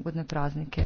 budne praznike.